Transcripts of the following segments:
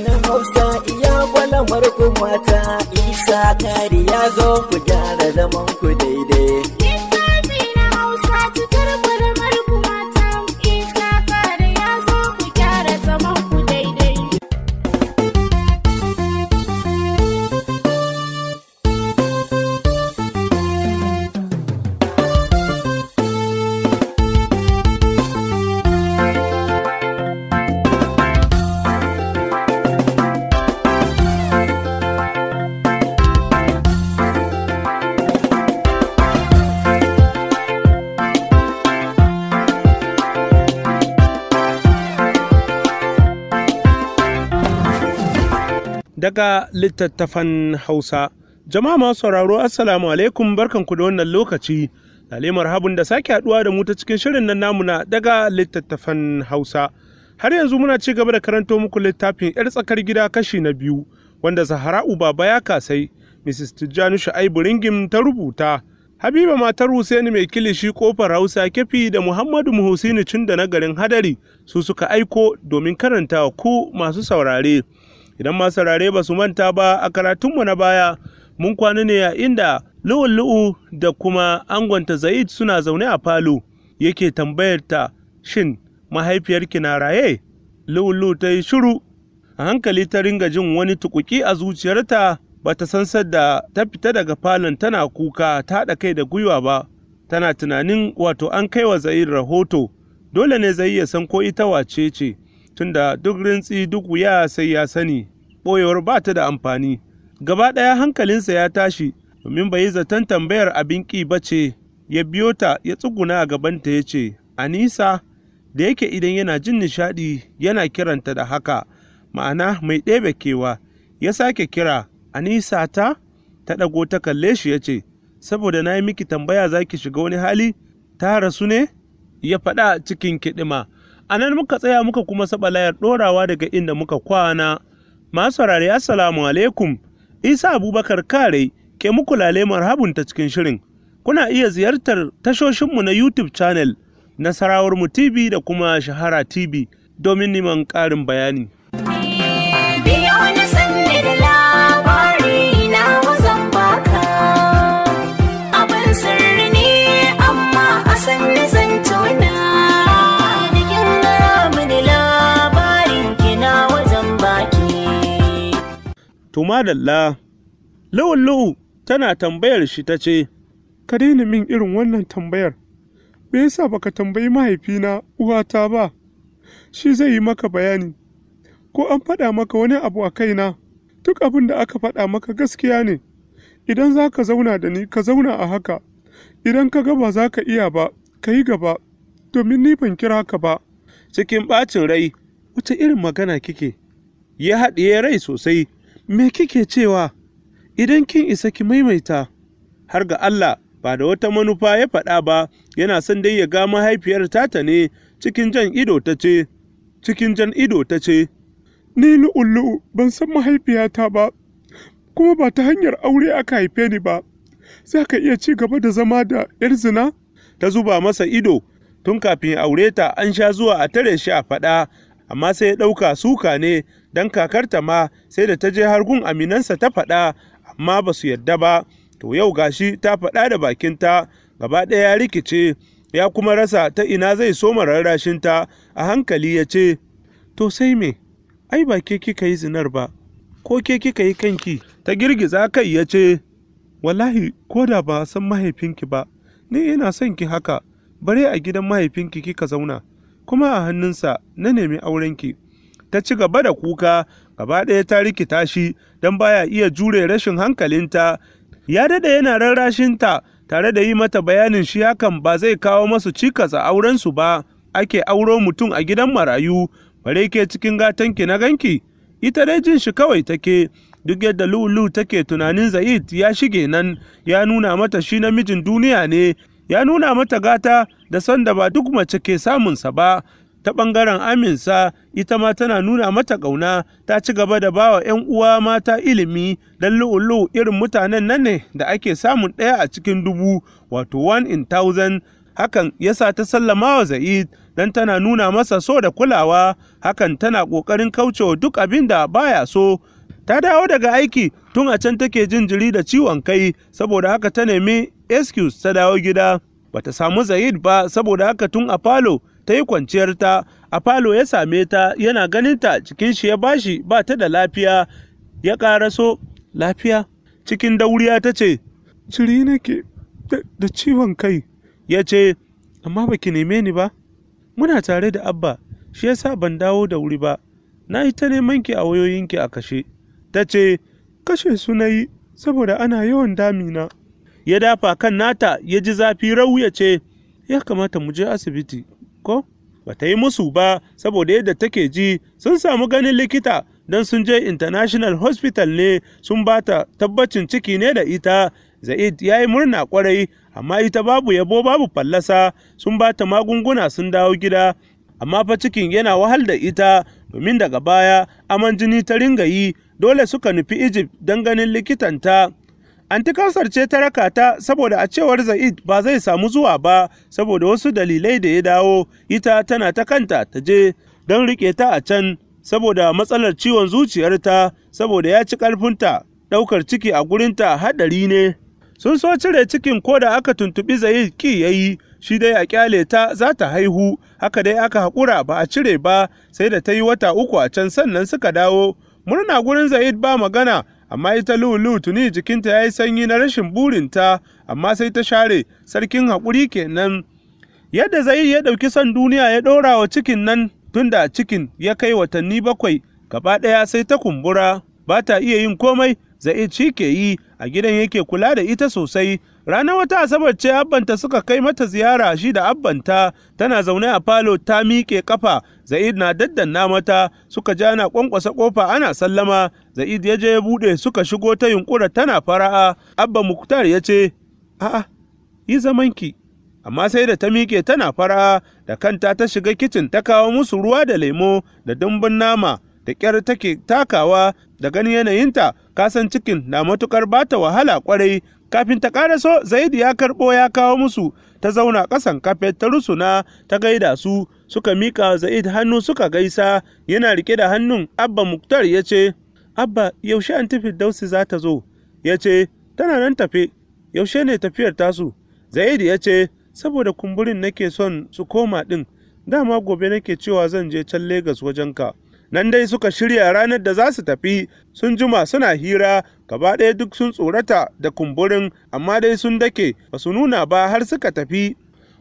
na Hausa ya kwalamar ku mata, Isa kari ya zo ku gyara zaman ku daga littattafan Hausa. Jama'a masu sauraro Assalamu alaikum barkanku da wannan lokaci. Lale habun da sake haduwa da mu ta cikin shirin nan namu na daga littattafan Hausa. Har yanzu muna ci gaba da karanto muku littafin 'yar tsakar gida kashi na biyu wanda Zahra'u Baba ya kasai Mrs. Tijjani Shu'aibu Ringim ta rubuta. Habiba matar Hussaini mai kilishi kofar Hausa kefi da Muhammadu Muhusini cin da na garin Hadari su suka aiko domin karanta ku masu saurare. idan ma saurare ba su manta ba a karatunmu na baya mun kwana ne a inda lu'u-lu'u da kuma angonta zaid suna zaune a falo yake tambayar ta shin mahaifiyarki na raye lu'u-lu'u ta yi shuru a hankali ta ringa jin wani tukuki a zuciyarta ba ta san sadda ta fita daga falon tana kuka ta haɗa kai da gwiwa ba tana tunanin wato an kai wa zaid rahoto dole ne zai ya san ko ita wace ce tunda duk rintsi duk wuya sai ya sani ɓoyewar ba ta da amfani gaba ɗaya hankalinsa ya tashi domin bai zaton tambayar abin ƙi ba ce ya biyo ta ya tsuguna a gabanta ya ce anisa da yake idan yana jin nishaɗi yana kiranta da haka ma'ana mai ɗebe kewa ya sake kira anisa ta ta ɗago ta kalle shi ya ce saboda na yi miki tambaya za ki shiga wani hali ta rasu ne ya faɗa cikin kiɗima a nan muka tsaya muka kuma saba layar ɗorawa daga inda muka kwana masu saurare assalamu alaikum isa abubakar kare ke muku lale marhabunta cikin shirin kuna iya ziyartar tashoshinmu na youtube channel nasarawar mu tv da kuma shahara tv domin neman ƙarin bayani to madalla lawallau tana tambayar shi ta ce ka daina min irin wannan tambayar me yasa baka tambayi mahaifina uwata ba shi zai yi maka bayani ko an faɗa maka wani abu a kaina duk abin da aka faɗa maka gaskiya ne idan za ka zauna da ni ka zauna a haka idan ka ga ba za ka iya ba ka yi gaba domin ni ban kira ka ba cikin ɓacin rai wata irin magana kike ya haɗiye rai sosai me kike cewa idan kin isa ki maimaita har ga Allah ba da wata manufa ya faɗa ba yana son dai ya ga mahaifiyar tata ne cikin jan ido ta ce cikin jan ido ta ce ni ban san mahaifiyata ba kuma ba ta hanyar aure aka haife ni ba za ka iya ci gaba da zama da yar zina ta zuba masa ido tun kafin aure ta an sha zuwa a tare shi a faɗa amma sai ya ɗauka suka ne don kakarta ma sai da ta je har gun aminansa ta faɗa amma ba su yadda ba to yau gashi ta faɗa da bakinta gaba ɗaya ya rikice ya kuma rasa ta ina zai soma rarrashinta a hankali ya ce to sai me ai ba ke kika yi zinar ba ko ke kika yi kanki ta girgiza kai ya ce wallahi ko da ba san mahaifinki ba ni ina son ki haka bare a gidan mahaifinki kika zauna kuma a hannunsa na nemi aurenki ta ci gaba da kuka gaba ɗaya ta rikita shi don baya iya jure rashin hankalinta ya daɗe yana rarrashinta tare da yi mata bayanin shi hakan ba zai kawo masu cikas a aurensu ba ake auro mutum a gidan marayu bare ke cikin gatanki na ganki ita dai jin shi kawai take duk yadda lulu take tunanin za'id ya shige nan ya nuna mata shi namijin duniya ne ya nuna mata gata da sanda ba duk mace ke samunsa ba ta ɓangaren aminsa ita ma tana nuna mata ƙauna ta ci gaba da bawa 'yan uwa mata ilimi don lu'ulu irin mutanen nan ne da ake samun ɗaya a cikin dubu wato one in thousand hakan yasa ta sallama wa za'id don tana nuna masa so da kulawa hakan tana ƙoƙarin kaucewa duk abin da baya so ta dawo daga aiki tun a can take jin jiri da ciwon kai saboda haka ta nemi excuse ta dawo gida bata samu zahid ba saboda haka tun a falo ta yi kwanciyarta a falo ya same ta yana ganin ta cikin shi ya bashi ba ta da lafiya ya so lafiya cikin dauriya ta ce jiri nake da ciwon kai ya ce amma baki neme ni ba muna tare da abba shi yasa ban dawo da wuri ba na yi ta neman ki a wayoyinki a kashe ta ce kashe su na saboda ana yawan damina ya dafa kan nata ya ji zafi rau ya ce ya kamata mu je asibiti ko ba ta yi musu ba saboda yadda take ji sun samu ganin likita don sun je international hospital ne sun ba ta tabbacin ciki ne da ita za'id ya yi murna kwarai amma ita babu yabo babu fallasa sun ba ta magunguna sun dawo gida amma fa cikin yana wahal da ita domin daga baya aman jini ta ringa yi dole suka nufi Egypt don ganin likitanta. Antikausar ce ta raka ta saboda a cewar Zaid ba zai samu zuwa ba saboda wasu dalilai da ya dawo ita tana ta kanta ta je don riƙe ta a can saboda matsalar ciwon zuciyarta saboda ya ci ƙarfinta ɗaukar ciki a gurinta haɗari ne. Sun so cire cikin ko da aka tuntuɓi Zaid ki ya yi shi dai a ƙyale ta za ta haihu haka dai aka haƙura ba a cire ba sai da ta yi wata uku a can sannan suka dawo murna gurin Zaid ba magana, amma ita Lulu tuni jikinta ya yi sanyi na rashin burinta, amma sai ta share sarkin haƙuri kenan. Yadda Zaid ya ɗauki son duniya ya ɗora wa cikin nan tunda cikin ya kai watanni bakwai, gaba ɗaya sai ta kumbura, ba ta iya yin komai zaici ke yi a gidan yake kula da ita sosai ranar wata asabar ce abbanta suka kai mata ziyara shi da abbanta tana zaune a falo ta miƙe kafa za'id na daddanna mata suka ja na kwankwasa kofa ana sallama za'id ya je ya bude suka shigo ta yunkura tana fara'a abba muktar ya ce a'a yi zamanki amma sai da ta miƙe tana fara'a da kanta ta shiga kicin ta kawo musu ruwa da lemo da dumbin nama da ƙyar take takawa da ganin yanayinta kasan cikin na matukar bata wahala kwarai kafin ta so zaidi ya karɓo ya kawo musu ta zauna ƙasan kafet ta rusuna ta gaida su suka miƙa zaid hannu suka gaisa yana rike da hannun abba muktar ya ce abba yaushe an tafi dausi za ta zo ya ce tana nan tafe yaushe ne tafiyar tasu zaid ya ce saboda kumburin nake son su koma ɗin dama gobe nake cewa zan je can Legas wajenka. nan dai suka shirya ranar da za su tafi sun jima suna hira gaba ɗaya duk sun tsorata da kumburin amma dai sun dake ba su nuna ba har suka tafi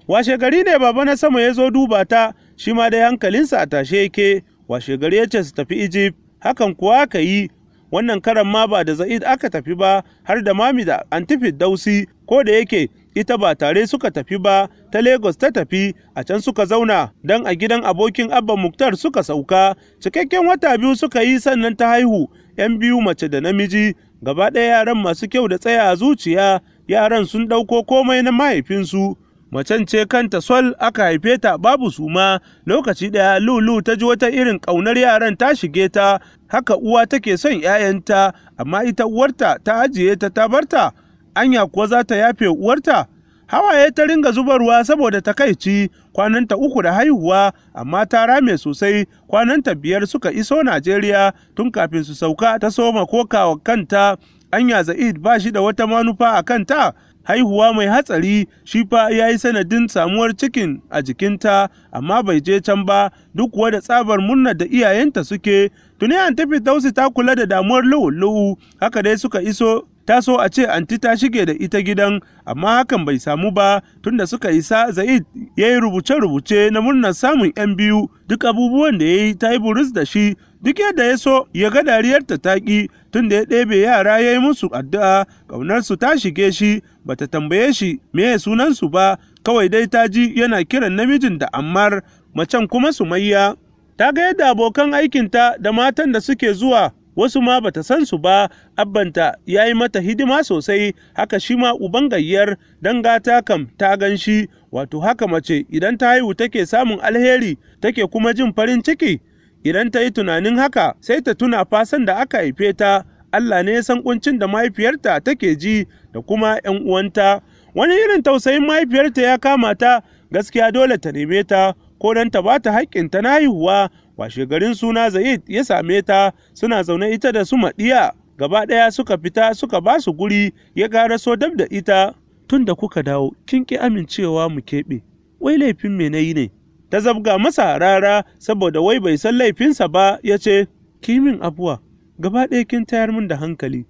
washe gari ne baba na sama ya zo duba ta shi ma dai hankalinsa a tashe yake washe gari ya ce su tafi egypt hakan kuwa ka yi wannan karan ma ba da za'id aka tafi ba har da mami da antifid dausi ko da yake ita ba tare suka tafi ba ta Lagos ta tafi a can suka zauna don a gidan abokin Abba Muktar suka sauka cikakken wata biyu suka yi sannan ta haihu ‘yan biyu mace da namiji gaba ɗaya yaran masu kyau da tsaya a zuciya yaran sun ɗauko komai na mahaifinsu macen ce kanta sol aka haife ta babu suma lokaci ɗaya lulu ta ji wata irin ƙaunar yaran ta shige ta haka uwa take son ‘ya'yanta amma ita uwarta ta ajiye ta ta barta anya kuwa za ta yafe uwarta? Hawaye ta ringa zubarwa saboda takaici kwananta uku da haihuwa, amma ta rame sosai kwananta biyar suka iso Najeriya tun kafin su sauka ta soma kokawa kanta, anya Za'id ba shi da wata manufa a kanta. haihuwa mai hatsari shi fa ya yi sanadin samuwar cikin a jikinta amma bai je can ba duk kuwa da tsabar murnar da iyayenta suke tuni an tafi dausi ta kula da damuwar lu'u-lu'u haka dai suka iso ta so a ce anti ta shige da ita gidan amma hakan bai samu ba tunda suka yi sa zaid ya yi rubuce-rubuce na murnar samun 'yan biyu duk abubuwan da ya yi ta yi buris da shi duk yadda ya so ya ga dariyarta ta ƙi tun ya ɗebe yara ya yi musu addu'a ƙaunarsu ta shige shi ba ta tambaye shi meye sunansu ba kawai dai ta ji yana kiran namijin da ammar macen kuma sumayya ta ga yadda abokan aikinta da matan da suke zuwa wasu ma bata san su ba abbanta ya yi mata hidima sosai haka shi ma uban gayyar don gata kam ta gan shi wato haka mace idan ta haihu take samun alheri take kuma jin farin ciki idan ta yi tunanin haka sai ta tuna fasan da aka haife ta Allah ne ya san kuncin da mahaifiyarta take ji da kuma 'yan uwanta wani irin tausayin mahaifiyarta ya kama ta gaskiya dole ta neme ta ko don ta ba ta haƙƙinta na haihuwa washe garin suna zaid ya same ta suna zaune ita da su maɗiya gaba ɗaya suka fita suka ba su guri ya gara so dab da ita tun da kuka dawo kin ki amincewa mu keɓe wai laifin me nayi ne ta zabga masa rara saboda wai bai san laifinsa ba ya ce ki min abuwa gaba ɗaya kin tayar min da hankali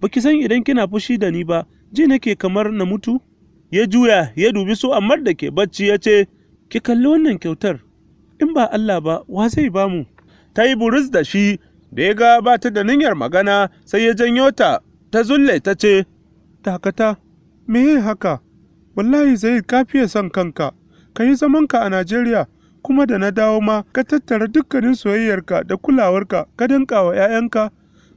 baki san idan kina fushi da ni ba ji nake kamar na mutu ya juya ya dubi su ammar da ke bacci ya ce ki kalli wannan kyautar in ba Allah ba wa zai ba mu ta yi buris da shi da ya ga ba ta da niyyar magana sai ya janyo ta ta zulle ta ce dakata me haka wallahi zai kafiya son kanka ka yi zamanka a Najeriya kuma da na dawo ma ka tattara dukkanin soyayyarka da kulawarka ka danka wa 'ya'yanka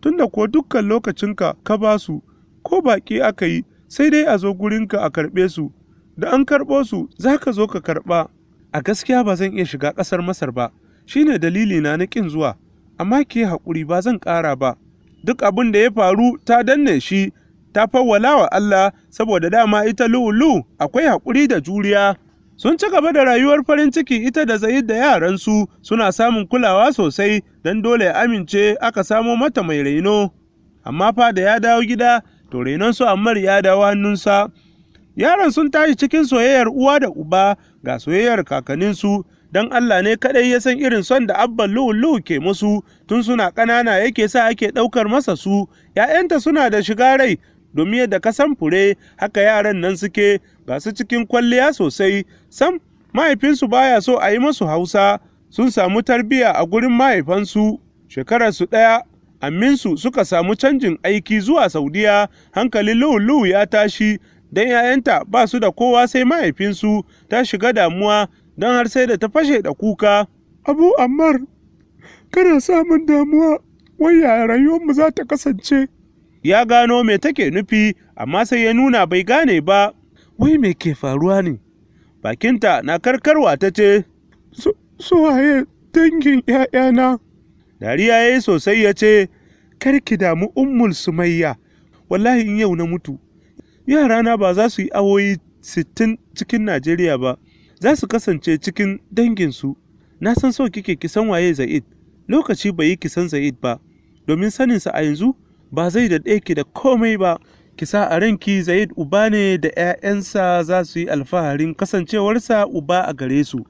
tunda kuwa dukkan lokacinka ka ba su ko baƙi aka yi sai dai a zo gurinka a karɓe su da an karɓo su za ka zo ka karɓa a gaskiya ba zan iya shiga ƙasar masar ba shine dalili na na ƙin zuwa amma ke haƙuri ba zan ƙara ba duk abin da ya faru ta danne shi ta fawwala wa Allah saboda dama ita lulu akwai haƙuri da juriya sun ci gaba da rayuwar farin ciki ita da zayid da yaransu suna samun kulawa sosai don dole ya amince aka samo mata mai raino. amma fa da ya dawo gida to renonsu ammar ya dawo hannunsa Yaran sun tashi cikin soyayyar uwa da uba ga soyayyar kakanninsu don Allah ne kaɗai ya san irin son da abban luu ke musu tun suna ƙanana yake sa ake ɗaukar masa su, ‘ya'yanta suna da shiga rai domin yadda ka san fure haka yaran nan suke ga su cikin kwalliya sosai San mahaifinsu baya so a yi masu hausa sun samu tarbiya a gurin mahaifansu shekararsu ɗaya aminsu suka samu canjin aiki zuwa saudiya hankalin luu ya tashi don ‘ya'yanta ba su da kowa sai mahaifinsu ta shiga damuwa don har sai da ta fashe da kuka. Abu Ammar, kana samun damuwa wai yaya rayuwarmu za ta kasance. Ya gano me take nufi amma sai ya nuna bai gane ba. Wai me ke faruwa ne? Bakinta na karkarwa ta ce, Su waye dangin ‘ya'yana. Dariya ya yi sosai ya ce, Karki damu ummul sumayya, wallahi in yau na mutu, yarana ba za su yi awoyi sittin cikin Najeriya ba, za su kasance cikin danginsu. Na san so kike kisan waye Zaid, lokaci bai yi kisan Zaid ba, domin saninsa a yanzu ba zai da ki da komai ba. Kisa a ranki Zaid uba ne da 'ya'yansa za su yi alfaharin kasancewarsa uba a gare su.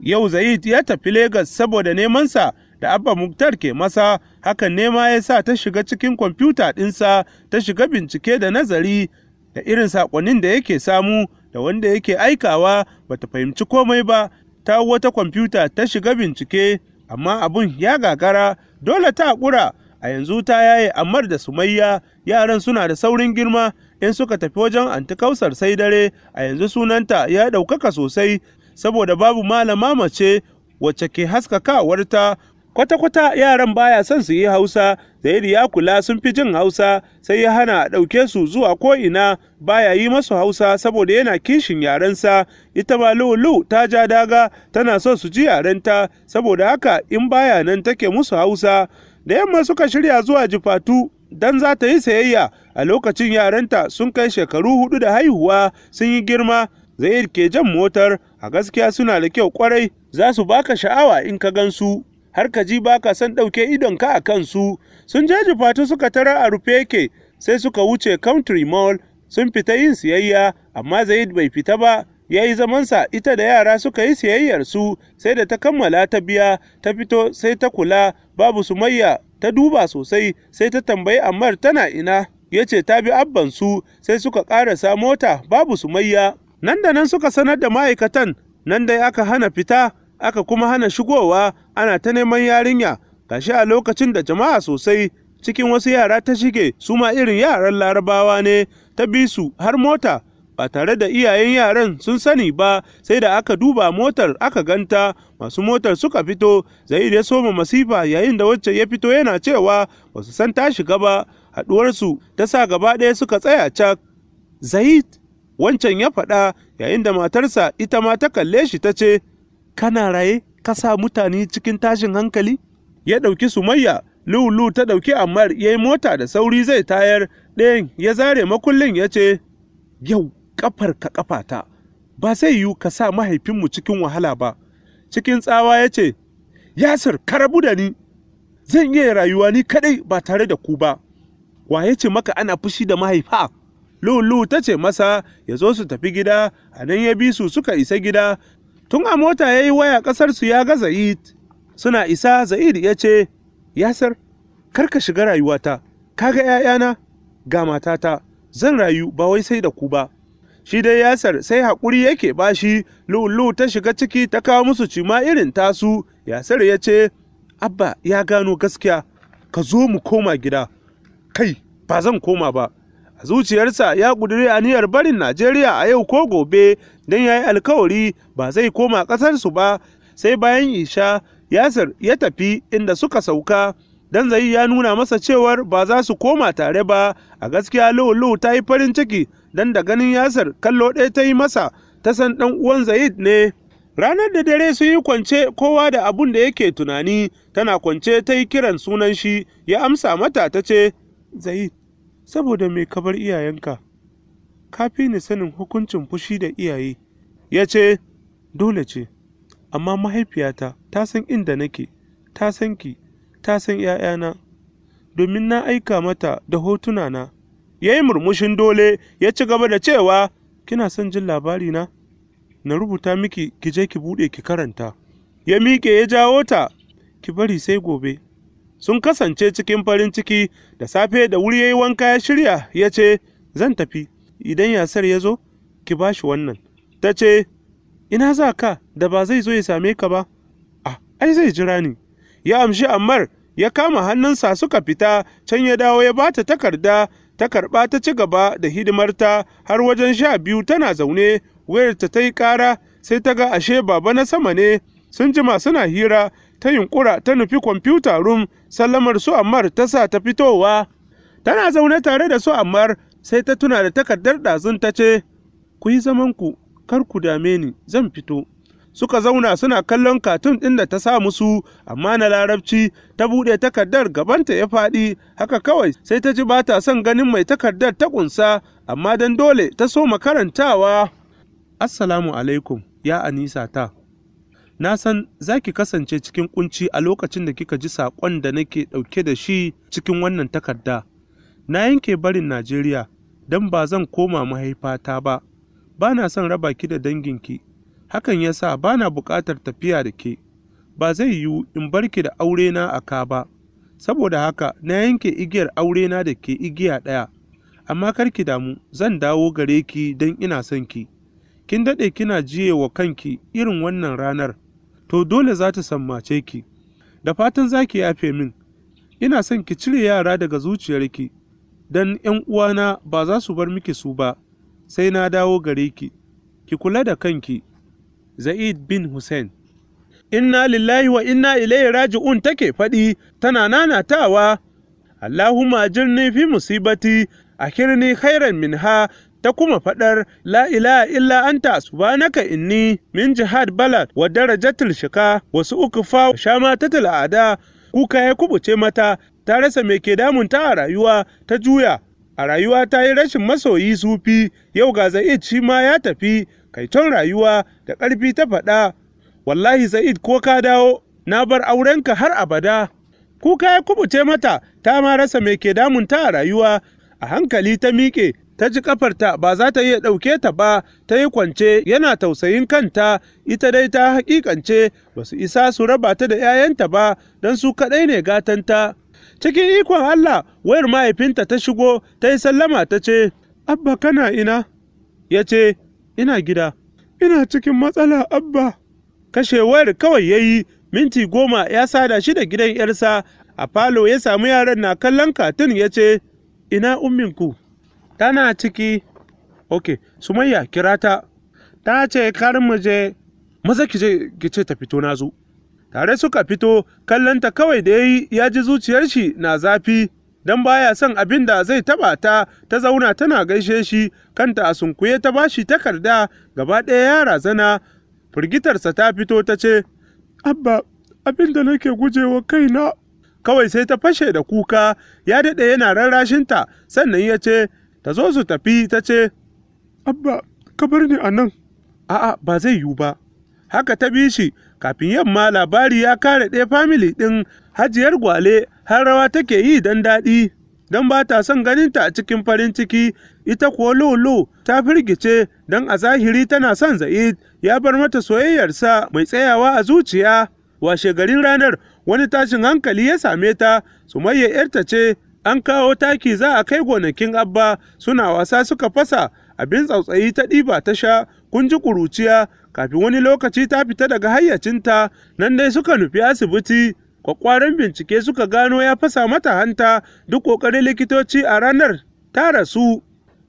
Yau Zaid ya tafi Legas saboda nemansa da Abba Muktar ke masa, hakan nema ya sa ta shiga cikin kwamfuta ɗinsa ta shiga bincike da nazari da irin saƙonin da yake samu da wanda yake aikawa bata fahimci komai ba ta wata kwamfuta ta shiga bincike amma abun ya gagara dole ta haƙura a yanzu ta yaye amar da sumayya yaran suna da saurin girma in suka tafi wajen anti-kausar sai dare a yanzu sunanta ya ɗaukaka sosai saboda babu malama mace wacce ke haskakawarta kwata-kwata yaran baya son su yi hausa yadda ya kula sun fi jin hausa sai ya hana a ɗauke su zuwa ko'ina baya yi masu hausa saboda yana kishin yarensa ita ma lulu ta ja daga tana so su ji yarenta saboda haka in baya nan take musu hausa da yamma suka shirya zuwa jifatu dan za ta yi sayayya a lokacin yarenta sun kai shekaru hudu da haihuwa sun yi girma zaid ke jan motar a gaskiya suna da kyau kwarai za su baka sha'awa in ka gansu har ka ji ba ka san ɗauke idonka a kansu sun jeji fatu suka tara a rufe yake sai suka wuce country mall sun fita yin siyayya amma zaid bai fita ba ya yi zamansa ita da yara suka yi siyayyarsu sai da ta kammala ta biya ta fito sai ta kula babu su sumayya ta duba sosai sai ta tambayi ammar tana ina ya ce ta bi abbansu sai suka ƙarasa mota babu su sumayya nan da nan suka sanar da ma'aikatan nan dai aka hana fita aka kuma hana shigowa ana ta neman yarinya gashi a lokacin da jama'a sosai cikin wasu yara ta shige su ma irin yaran larabawa ne ta bi su har mota ba tare da iyayen yaran sun sani ba sai da aka duba motar aka ganta masu motar suka fito zaid ya soma masifa yayin da wacce ya fito yana cewa ba su san ta shiga ba haɗuwarsu ta sa gaba ɗaya suka tsaya cak zaid wancan ya faɗa yayin da matarsa ita ma ta kalle shi ta ce kana raye ka sa mutane cikin tashin hankali ya ɗauki sumayya lulu ta ɗauki ammar ya yi mota da sauri zai tayar ɗayan ya zare makullin ya ce yau ƙafar ka ƙafata ba zai yiwu ka sa mahaifinmu cikin wahala ba cikin tsawa ya ce yasir ka rabu da ni zan iya rayuwa ni kaɗai ba tare da ku ba wa ya ce maka ana fushi da mahaifa lulu ta ce masa ya zo su tafi gida a nan ya bi su suka isa gida tun a mota ya yi waya ƙasarsu ya ga za'id suna isa za'id ya ce yasir kar ka shiga rayuwata kaga 'ya'yana ga matata zan rayu ba wai sai da ku ba shi dai Yasir, sai haƙuri yake ba bashi lulu ta shiga ciki ta kawo musu cima irin tasu Yasir ya ce abba ya gano gaskiya ka zo mu koma gida kai ba zan koma ba a zuciyarsa ya ƙudiri aniyar barin najeriya a yau ko gobe don ya yi alkawari ba zai koma ƙasarsu ba sai bayan isha yasir ya tafi inda suka sauka Don zai ya nuna masa cewar ba za su koma tare ba a gaskiya lulu ta yi farin ciki Don da ganin yasir kallo ɗaya ta yi masa ta san ɗan uwan zayid ne ranar da dare sun yi kwance kowa da abun da yake tunani tana kwance ta yi kiran sunan shi ya amsa mata ta ce zayid saboda me kabar iyayenka ka fi ni sanin hukuncin fushi da iyaye ya ce dole ce amma mahaifiyata ta san inda nake ta san ki ta san ‘ya'yana domin na aika mata da hotunana ya yi murmushin dole ya ci gaba da cewa kina son jin labari na na rubuta miki ki je ki buɗe ki karanta ya miƙe ya jawo ta ki bari sai gobe sun kasance cikin farin ciki da safe da wuri ya yi wanka ya shirya ya ce zan tafi idan yasar ya zo ki ba shi wannan ta ce ina za ka da ba zai zo ya same ka ba ah ai zai jira ni ya amshi ammar ya kama hannunsa suka fita can ya dawo ya ba ta takarda ta karɓa ta ci gaba da hidimarta har wajen sha biyu tana zaune wayarta ta yi ƙara sai ta ga ashe baba na sama ne sun jima suna hira ta yunƙura ta nufi kwamfuta room sallamar su ammar ta sa ta fitowa tana zaune tare da su ammar sai ta tuna da takardar ɗazun ta ce, Ku yi zamanku, kar ku dame ni, zan fito. Suka zauna suna kallon katun ɗin da ta sa musu, amma na larabci ta buɗe takardar gabanta ya faɗi, haka kawai sai ta ji ba ta son ganin mai takardar ta ƙunsa, amma don dole ta so makarantawa. Assalamu alaikum, ya Anisa ta. na san za ki kasance cikin ƙunci a lokacin da kika ji saƙon da nake ɗauke da shi cikin wannan takarda. Na yanke barin Najeriya don ba zan koma mahaifata ba, ba na son raba ki da danginki, hakan ya sa ba na buƙatar tafiya da ke, ba zai yiwu in bar ki da na a ka ba, saboda haka na yanke igiyar aurena da ke igiya ɗaya, amma kar ki damu zan dawo gare ki don ina son ki. Kin daɗe kina jiye wa kanki irin wannan ranar, to dole za ta sammace ki, da fatan za ki yafe min, ina son ki cire yara daga zuciyarki. don ’yan uwana ba za su bar miki su ba, sai na dawo gare ki, ki kula da kanki, Za'id bin Hussein. Inna lillahi wa inna ilaihi raji'un take faɗi tana nanatawa, Allahumma jirni fi musibati, a kirni khairan minha ta kuma faɗar la ilaha illa anta subhanaka inni min jihad balad wa darajatul shika wasu uku fa shama tatul ada kuka ya kubuce mata ta rasa mai ke damun ta a rayuwa ta juya a rayuwa ta yi rashin masoyi sufi yau ga za'id shi ma ya tafi kaiton rayuwa da ƙarfi ta faɗa wallahi za'id ko ka dawo na bar aurenka har abada kuka ya kubuce mata ta ma rasa mai ke damun ta a rayuwa a hankali ta miƙe ta ji ƙafarta ba za ta iya ɗauke ta ba ta yi kwance yana tausayin kanta ita dai ta hakikance ba su isa su raba ta da 'ya'yanta ba don su kaɗai ne gatanta cikin ikon Allah wayar mahaifinta ta shigo ta yi sallama ta ce, Abba kana ina? Ya ce, Ina gida, ina cikin matsala Abba. Kashe wayar kawai ya yi minti goma ya sada shi da gidan ‘yarsa a falo ya samu yaran na kallon katin ya ce, Ina umminku? Tana ciki. Ok, Sumayya kirata ta. Ta ce kar mu je, maza ki ce ta fito na zo. tare suka fito kallonta kawai da ya yi ya ji zuciyar shi na zafi don baya son abin da zai taba ta ta zauna tana gaishe shi kanta a sunkuye ta bashi takarda gaba ɗaya ya razana firgitarsa ta fito ta ce abba abin da nake gujewa kaina kawai sai ta fashe da kuka ya daɗe yana rarrashinta sannan ya ce ta zo su tafi ta ce abba ka bar ni a nan a'a ba zai yiwu ba haka ta bi shi kafin yamma labari ya kare ɗaya famili ɗin hajiyar gwale har rawa take yi don daɗi don ba ta son ganinta a cikin farin ciki ita kuwa lolo ta firgice don a zahiri tana son za'id ya bar mata soyayyarsa mai tsayawa a zuciya washe garin ranar wani tashin hankali ya same ta sumayya yarta ce an kawo taki za a kai gonakin abba suna wasa suka fasa abin tsautsayi ta ɗiba ta sha kun ji kuruciya kafin wani lokaci ta fita daga hayyacinta nan dai suka nufi asibiti kwakwaran bincike suka gano ya fasa mata hanta duk ƙoƙarin likitoci a ranar ta rasu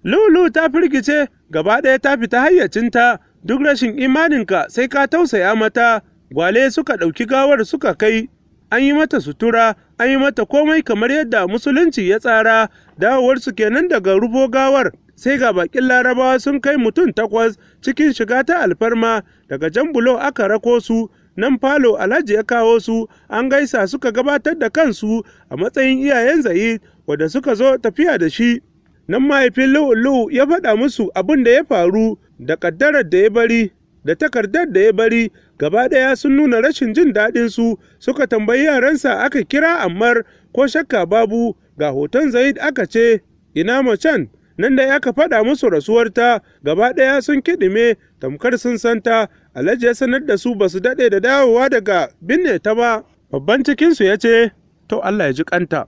lulu ta firgice gaba ɗaya ta fita hayyacinta duk rashin imaninka sai ka tausaya mata gwale suka ɗauki gawar suka kai an yi mata sutura an yi mata komai kamar yadda musulunci ya tsara dawowarsu kenan daga rubo gawar sai ga bakin larabawa sun kai mutum takwas cikin shiga ta alfarma daga jan bulo aka rako su nan falo alhaji ya kawo su an gaisa suka gabatar da kansu a matsayin iyayen zayi wadda suka zo tafiya da shi nan mahaifin lu'u-lu'u ya faɗa musu abin da ya faru da kaddarar da ya bari da takardar da ya bari gaba ɗaya sun nuna rashin jin daɗin su suka tambayi yaransa aka kira ammar ko shakka babu ga hoton zaid aka ce ina macen nan da aka faɗa musu rasuwarta gaba ɗaya sun kiɗime tamkar sun santa alhaji ya sanar da su ba su daɗe da dawowa daga binne ta ba babban cikinsu ya ce to allah ya ji kanta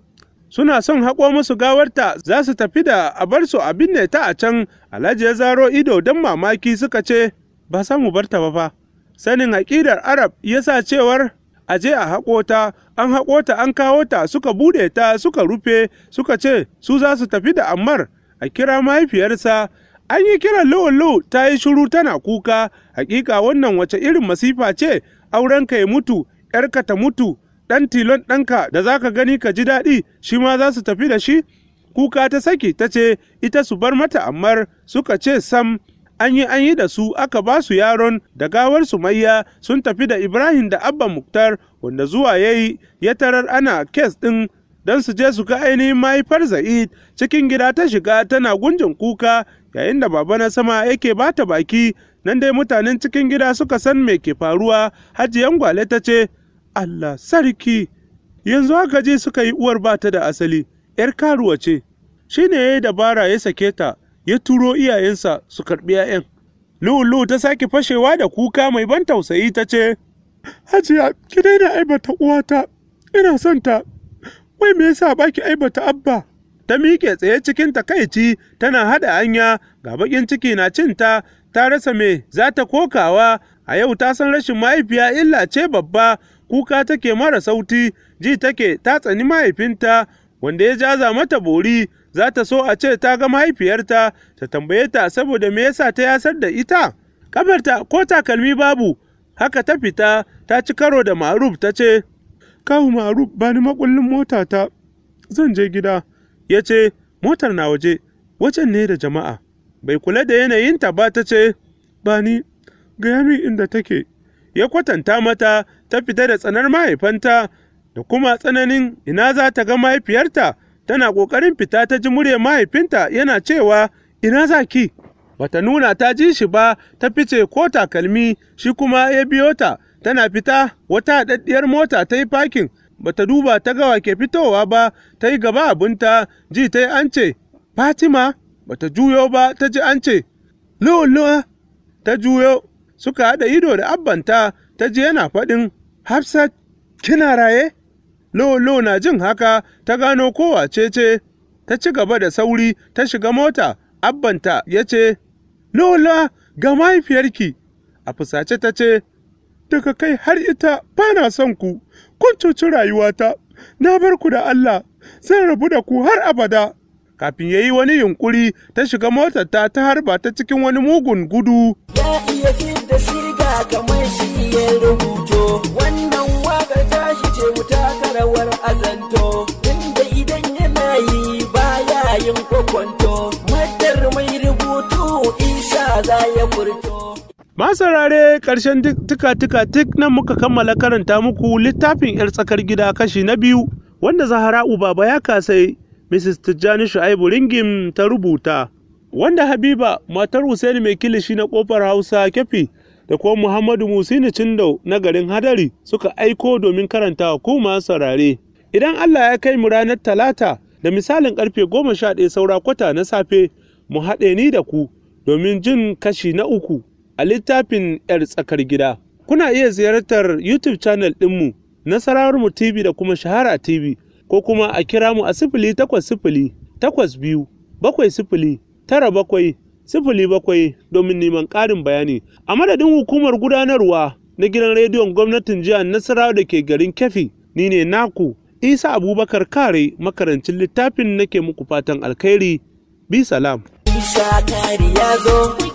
suna son haƙo musu gawarta za su tafi da a bar su a binne ta a can alhaji ya zaro ido don mamaki suka ce ba sa mu bar ta ba sanin aƙidar arab ya sa cewar a je a haƙo ta an haƙo ta an kawo ta suka buɗe ta suka rufe suka ce su za su tafi da ammar a kira mahaifiyarsa an yi kiran lo-lo ta yi shiru tana kuka hakika wannan wace irin masifa ce aurenka ya mutu yarka ta mutu ɗan tilon ɗanka da za ka gani ka ji daɗi shi ma za su tafi da shi kuka ta saki ta ce ita su bar mata ammar suka ce sam an yi an yi da su aka ba su yaron da gawar sumayya sun tafi da ibrahim da abba muktar wanda zuwa ya yi ya tarar ana kes ɗin don su je su ga ainihin mahaifar Za'id cikin gida ta shiga tana gunjin kuka yayin da baba na sama yake bata baki nan dai mutanen cikin gida suka san me ke faruwa hajiyan gwale ta ce Allah sarki yanzu haka ji suka yi uwar bata da asali ‘yar karuwa ce shi ne ya yi dabara ya sake ta ya turo iyayensa su karbi ‘ya'yan Lulu ta sake fashewa da kuka mai ban tausayi ta ce, Hajiya, ki daina aibata uwata, ina son ta, wai me yasa baki bata abba ta miƙe tsaye cikin takaici tana haɗa hanya ga baƙin ciki na cinta ta rasa me za ta kokawa a yau ta san rashin mahaifiya illa ce babba kuka take mara sauti ji take ta tsani mahaifinta wanda ya jaza mata bori za ta so a ce ta ga mahaifiyarta ta tambaye ta saboda me yasa ta yasar da ita kafarta ko takalmi babu haka ta fita ta ci karo da maruf ta ce kawu ma'aruf ba ni makullin mota ta zan je gida ya ce motar na waje wajen ne da jama'a bai kula da yanayinta ba ta ce ba ni gaya min inda take ya kwatanta mata ta fita da tsanar mahaifanta da kuma tsananin ina za ta ga mahaifiyarta tana ƙoƙarin fita ta ji murya mahaifinta yana cewa ina za ki bata nuna ta ji shi ba ta fice ko takalmi shi kuma ya biyo ta tana fita wata haɗaɗɗiyar mota ta yi fakin ta duba ta gawa ke fitowa ba ta yi gaba abinta ji ta yi an ce fatima ba ta juyo ba ta ji an ce lu'ulu'a ta juyo suka haɗa ido da abbanta ta ji yana faɗin hafsat kina raye lolo na jin haka ta gano kowa ce ce ta ci gaba da sauri ta shiga mota abbanta ya ce lu'ulu'a ga mahaifiyarki a fusace ta ce daga kai har ita ba na son ku, kun cuci rayuwata, na bar ku da Allah, zan rabu da ku har abada. Kafin ya yi wani yunƙuri ta shiga motar ta ta harba ta cikin wani mugun gudu. Ya iya da siga kamar shi ya rubuto, wannan waƙar tashi ce mu taka rawar azanto, inda idan yana yi baya yin kwakwanto, madar mai rubutu isa za ya furto. masarare ƙarshen tuka-tuka tik nan muka kammala karanta muku littafin 'yar tsakar gida kashi na biyu wanda zahara'u baba ya kasai mrs tijjani shu'aibu ringim ta rubuta wanda habiba matar Hussaini mai kilishi na kofar hausa kefi da kuma muhammadu musini cindo na garin hadari suka aiko domin karanta ku masarare idan allah ya kai mu ranar talata da misalin karfe goma sha ɗaya saura kwata na safe mu haɗe ni da ku domin jin kashi na uku a littafin 'yar tsakar gida. Kuna iya ziyartar YouTube channel ɗinmu Nasarar mu TV da kuma Shahara TV ko kuma a kira mu a sifili takwas sifili takwas biyu bakwai sifili tara bakwai sifili bakwai domin neman ƙarin bayani. A madadin hukumar gudanarwa na gidan rediyon gwamnatin jihar Nasarawa da ke garin Kefi, ni ne naku Isa Abubakar Kare makarancin littafin nake muku fatan alkhairi. Bi salam. Isa Kare ya zo.